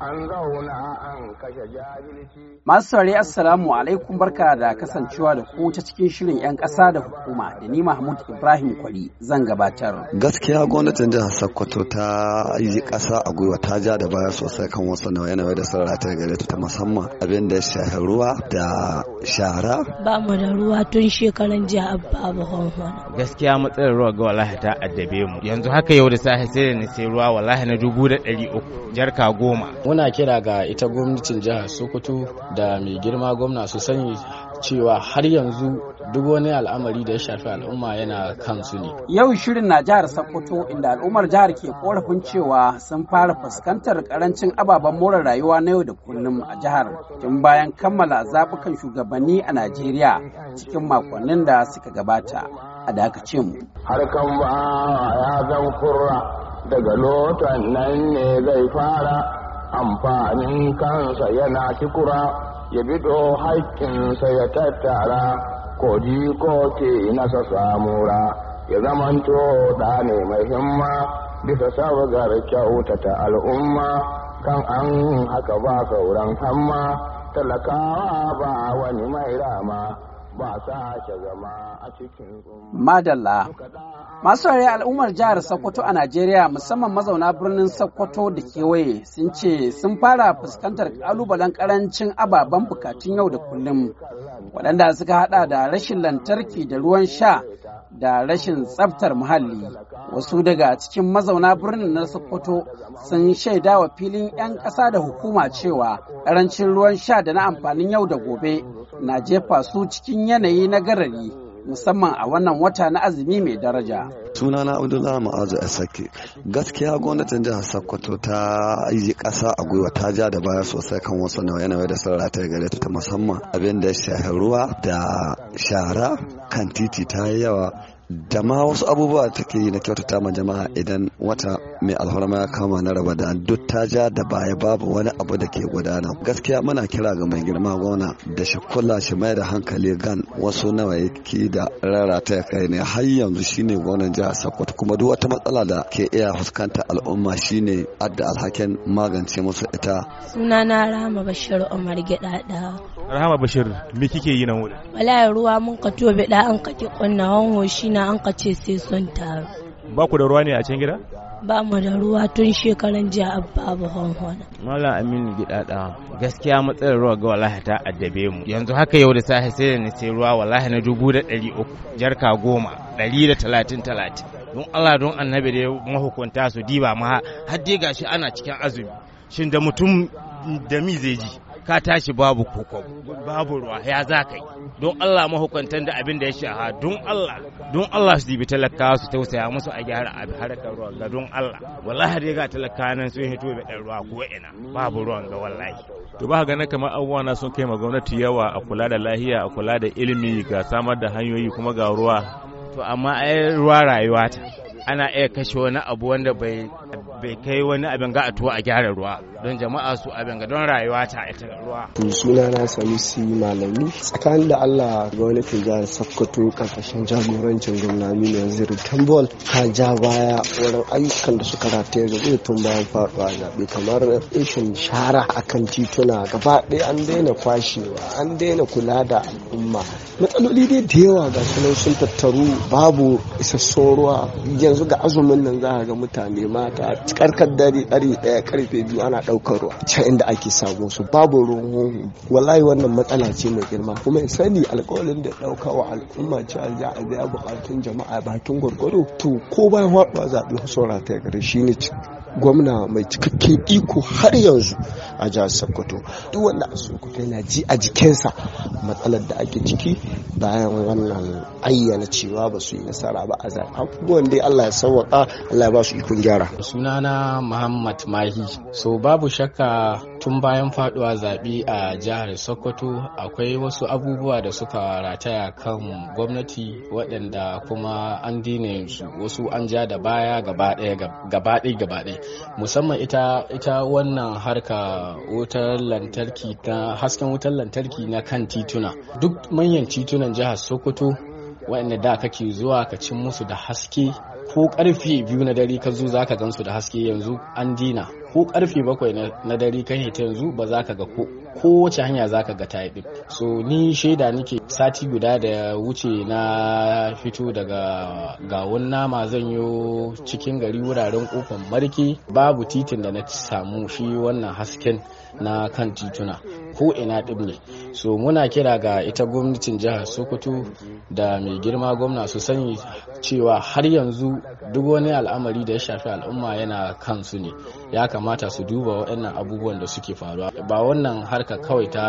an Masu Assalamu alaikum barka da kasancewa da ku ta cikin shirin 'yan ƙasa da hukuma da ni Mahmud Ibrahim Kwali zan gabatar. Gaskiya gwamnatin jihar Sokoto ta yi ƙasa a gwiwa ta ja da baya sosai kan wasu nawa yanayi da sarara ta gare ta musamman abin da shahararwa ruwa da shara. Ba mu da ruwa tun shekaran jiya abba abu Gaskiya matsalar ruwa ga wallahi ta addabe mu yanzu haka yau da safe sai da ni sai ruwa wallahi na dubu da ɗari uku jarka goma. muna kira ga ita gwamnatin jihar sokoto da mai girma gwamna su sani cewa har yanzu duk wani al'amari da ya shafi al'umma yana kan su ne yau shirin na jihar sokoto inda al'ummar jihar ke korafin cewa sun fara fuskantar karancin ababen more rayuwa na yau da kullum a jihar tun bayan kammala zabukan shugabanni a najeriya cikin makonnin da suka gabata a dakacin. mu harkan ba ya zan kurra daga lotan nan ne zai fara amfanin kansa yana kikura ya bido haƙƙinsa ya tattara kodi ko ke nasa samura ya zamanto da ne mai himma bisa sabgar kyautata al'umma kan an haka ba sauran hamma talakawa ba wani mai rama Madalla. Masu rari al'ummar jihar Sokoto a Najeriya musamman mazauna birnin Sokoto da kewaye sun ce sun fara fuskantar kalubalen karancin ababen bukatun yau da kullum waɗanda suka hada da rashin lantarki da ruwan sha da rashin tsabtar muhalli wasu daga cikin mazauna birnin na sokoto sun shaida wa filin 'yan ƙasa da hukuma cewa ƙarancin ruwan sha da na amfanin yau da gobe na jefa su cikin yanayi na garari musamman a wannan wata na azumi mai daraja. sunana abdullahi ma'azu a sake gaskiya gwamnatin jihar sokoto ta yi ƙasa a gwiwa ta ja da baya sosai kan wasu nauye-nauye da sarara ta gare ta musamman abin da shahararwa da shara kan titi ta yi yawa da ma wasu abubuwa take yi na kyautata ma jama'a idan wata mai alfarma ya kama na raba da duk ta ja da baya babu wani abu da ke gudana gaskiya muna kira ga mai girma gona da shi kula shi mai da hankali gan wasu nawa ke da rarata ya kai ne har yanzu shine gwamnan jihar Sokoto kuma duk wata matsala da ke iya fuskanta al'umma shine adda alhakin magance musu ita sunana Rahama Bashir Umar da Rahama Bashir me kike yi nan wurin wallahi ruwa mun ka tobe da an kake kunna hanho shi na an kace sai sun taru ba ku da ruwa ne a can gida ba mu da ruwa tun shekaran jiya a babu honhon mallam aminu da gaskiya matsalar ruwa ga wallahi ta addabe mu yanzu haka yau da sahi sai da sai ruwa wallahi na dubu da ɗari uku jarka goma ɗari da talatin talatin don allah don annabi da ya mahukunta su diba ma har dai gashi ana cikin azumi shin da mutum da mi zai ji ka tashi babu koko babu ruwa ya za ka yi don Allah mahukuntan da abin da ya shaha don Allah don Allah su dibi talakawa su tausaya musu a gyara a harkar ruwa ga don Allah wallahi dai ga talakawa nan sun hito da ɗan ruwa ko ina babu ruwan ga wallahi to ba ga na kamar abubuwa na sun kai ma gwamnati yawa a kula da lahiya a kula da ilimi ga samar da hanyoyi kuma ga ruwa to amma ai ruwa rayuwa ta ana iya kashe wani abu wanda bai bai kai wani abin ga a tuwa a gyara ruwa don jama'a su abin ga don rayuwa ta ita ruwa. suna na si malami tsakanin da allah wani gwamnatin jihar sokoto karkashin jagorancin gwamnati ne yanzu tambol ka ja baya wurin ayyukan da suka rataya ga tun bayan faɗuwa. zaɓe kamar rashin shara akan tituna gaba ɗaya an daina kwashewa an daina kula da al'umma matsaloli dai da yawa ga sunan sun tattaru babu isassun ruwa yanzu ga azumin nan za a ga mutane mata tsarkar dari ɗari ɗaya karfe biyu ana ɗaukar ruwa can inda ake samu su babu ruwan wallahi wannan matsala ce mai girma kuma in sani alƙawarin da ɗauka wa al'umma cewa za a biya buƙatun jama'a bakin gwargwaro to ko bayan haɗuwa zaɓe saura ta gari shi ne gwamna mai cikakken iko har yanzu a jihar sokoto duk wanda a sokoto yana ji a jikinsa matsalar da ake ciki bayan wannan ayyana cewa ba su yi nasara ba a zaɓe abubuwan dai allah ya sauwaka allah ya ba su ikon gyara sunana muhammad mahi so babu shakka tun bayan faduwa zaɓe a jihar sokoto akwai wasu abubuwa da suka rataya kan gwamnati waɗanda kuma an dine su wasu an ja da baya gabaɗe gabaɗe musamman ita, wannan harka wutar lantarki na hasken wutar lantarki na kan tituna duk manyan titunan jihar sokoto waɗanda da kake zuwa ka cin musu da haske ko karfe biyu na dare ka zo za ka gan su da haske yanzu an dina ko karfe bakwai na dare kan hita yanzu ba za ka ga ko kowace hanya za ka ga ta yi so ni shaida nake sati guda da wuce na fito daga gawun nama zan yi cikin gari wuraren kofar marke babu titin da na samu shi wannan hasken na kan tituna ko ina ɗin ne so muna kira ga ita gwamnatin jihar sokoto da mai girma gwamna su sani cewa har yanzu duk wani al'amari da ya shafi al'umma yana kansu ne ya kamata su duba waɗannan abubuwan da suke faruwa ba wannan harka kawai ta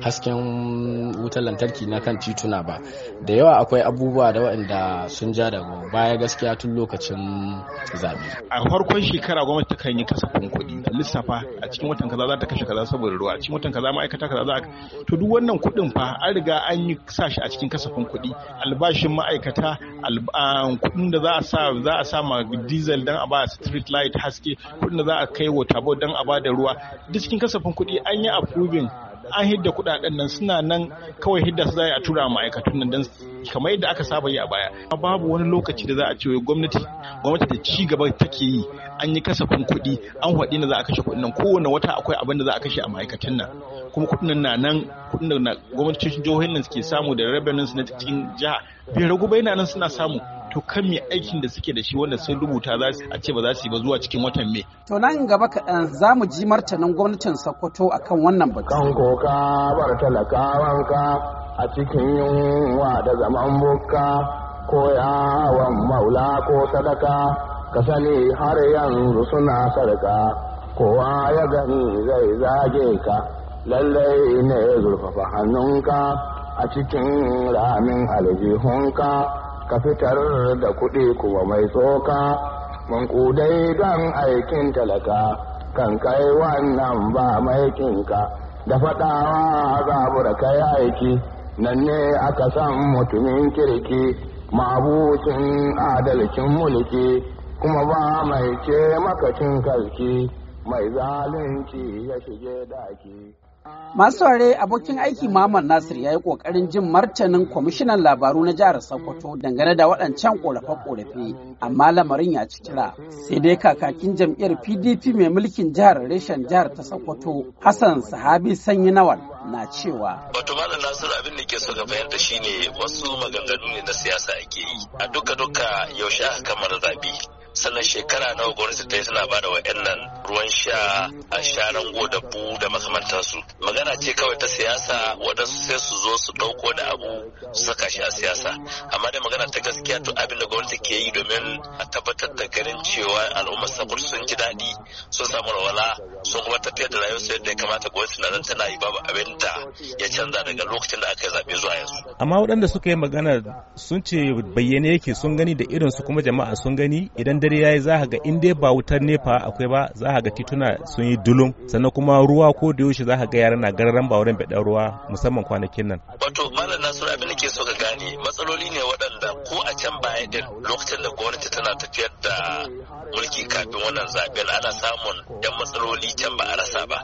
hasken wutar lantarki na kan tituna ba da yawa akwai abubuwa da waɗanda sun ja daga baya gaskiya tun lokacin zaɓe. a farkon shekara gwamnati kan yi kasafin kuɗi lissafa a cikin watan kaza za ta kashe kaza saboda ruwa a cikin watan kaza ma'aikata kaza za to duk wannan kuɗin fa an riga an yi sa shi a cikin kasafin kuɗi albashin ma'aikata kuɗin da za a sa za a sa ma diesel dan a ba street light haske kuɗin da za a kai wa tabo dan a ba da ruwa duk cikin kasafin kuɗi an yi kubin an hidda kudaden nan suna nan kawai hidda su za a tura ma'aikatun nan don kamar yadda aka saba yi a baya babu wani lokaci da za a ce gwamnati gwamnati da ci gaba take yi an yi kasafin kuɗi an waɗi na za a kashe kuɗin nan kowane wata akwai abin da za a kashe a ma'aikatan nan kuma kuɗin nan nan kuɗin da gwamnatocin jihohin nan suke samu da rabin na cikin jiha bai ragu bai nan suna samu to kan me aikin da suke da shi wanda sun rubuta za su a ce ba za su yi ba zuwa cikin watan me to nan gaba kaɗan za mu ji martanin gwamnatin sokoto akan wannan batu kan koka bar talakawanka a cikin yunwa da zaman bukka ko yawan maula ko sadaka ka sani har yanzu suna sarka kowa ya gani zai zage ka lallai ne zurfafa hannunka a cikin ramin aljihunka ka fitar da kuɗi kuma mai tsoka mankudai don aikin talaka kan kai wannan ba maikinka da faɗawa zabura kai aiki nan ne aka san mutumin kirki mabucin adalcin mulki kuma ba mai ce makacin kalki mai zalunci ya shige daki. Masu ware abokin aiki Muhammad Nasir ya yi ƙoƙarin jin martanin kwamishinan labaru na jihar Sokoto dangane da waɗancan ƙorafe-ƙorafe amma lamarin ya ci kira. Sai dai kakakin jam'iyyar PDP mai mulkin jihar reshen jihar ta Sokoto Hassan Sahabi Sanyi Nawal na cewa. Wato Malam Nasir abin da ke so ga bayar da shi ne wasu maganganu ne na siyasa ake yi. A duka-duka yaushe aka kammala zabi. Sannan shekara nawa gwamnati ta yi suna ba da wa'annan ruwan sha a sharan godabu da makamantansu magana ce kawai ta siyasa waɗansu sai su zo su ɗauko da abu su saka shi a siyasa amma da magana ta gaskiya to abin da gwamnati ke yi domin a tabbatar da ganin cewa al'ummar sakur sun ji daɗi sun samu rawala sun kuma tafiyar da su yadda ya kamata gwamnati na nan tana yi babu abin da ya canza daga lokacin da aka yi zaɓe zuwa yanzu. amma wadanda suka yi magana sun ce bayyane yake sun gani da irinsu kuma jama'a sun gani idan dare ya yi za ga in dai ba wutar nepa akwai ba za za ga tituna sun yi dulum sannan kuma ruwa ko da yaushe za ga yara na gararan ba wurin bada ruwa musamman kwanakin nan wato malam nasiru abin da ke so ka gane matsaloli ne waɗanda ko a can baya din lokacin da gwamnati tana tafiyar da mulki kafin wannan zaben ana samun yan matsaloli can ba a rasa ba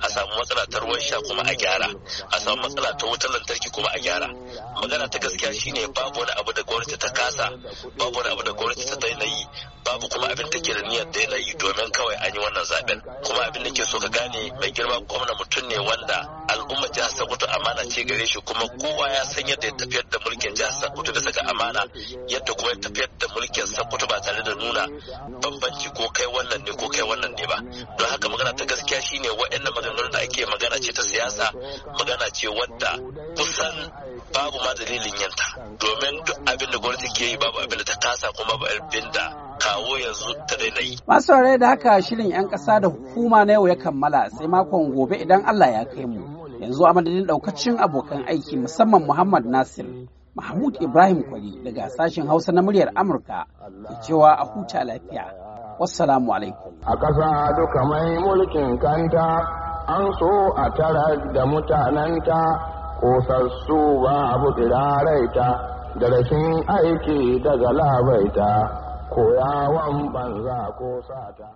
a samu matsala ta ruwan sha kuma a gyara a samu matsala ta wutar lantarki kuma a gyara magana ta gaskiya shine babu wani abu da gwamnati ta kasa babu wani abu da gwamnati ta daina yi babu kuma abin da ke da niyyar daina yi domin kawai an yi wani wannan zaben kuma abin da ke so ka gane mai girma gwamna mutum ne wanda al'ummar jihar Sokoto amana ce gare shi kuma kowa ya san yadda ya tafiyar da mulkin jihar Sokoto da saka amana yadda kuma ya tafiyar da mulkin Sokoto ba tare da nuna bambanci ko kai wannan ne ko kai wannan ne ba don haka magana ta gaskiya shine waɗannan maganganun da ake magana ce ta siyasa magana ce wadda kusan babu ma dalilin yanta domin duk abin da gwamnati ke yi babu abin da ta kasa kuma ba abin da kawo yanzu ta Masu saurare da haka shirin 'yan ƙasa da hukuma na yau ya kammala sai makon gobe idan Allah ya kai mu. Yanzu a madadin ɗaukacin abokan aiki musamman Muhammad Nasir. Mahmud Ibrahim Kwari daga sashen Hausa na muryar Amurka da cewa a huta lafiya. Wassalamu alaikum. A ƙasa duka mai mulkin kanta an so a tara da mutananta kosassu ba abu tsiraraita da rashin aiki daga labaita. koyawan banza ko sata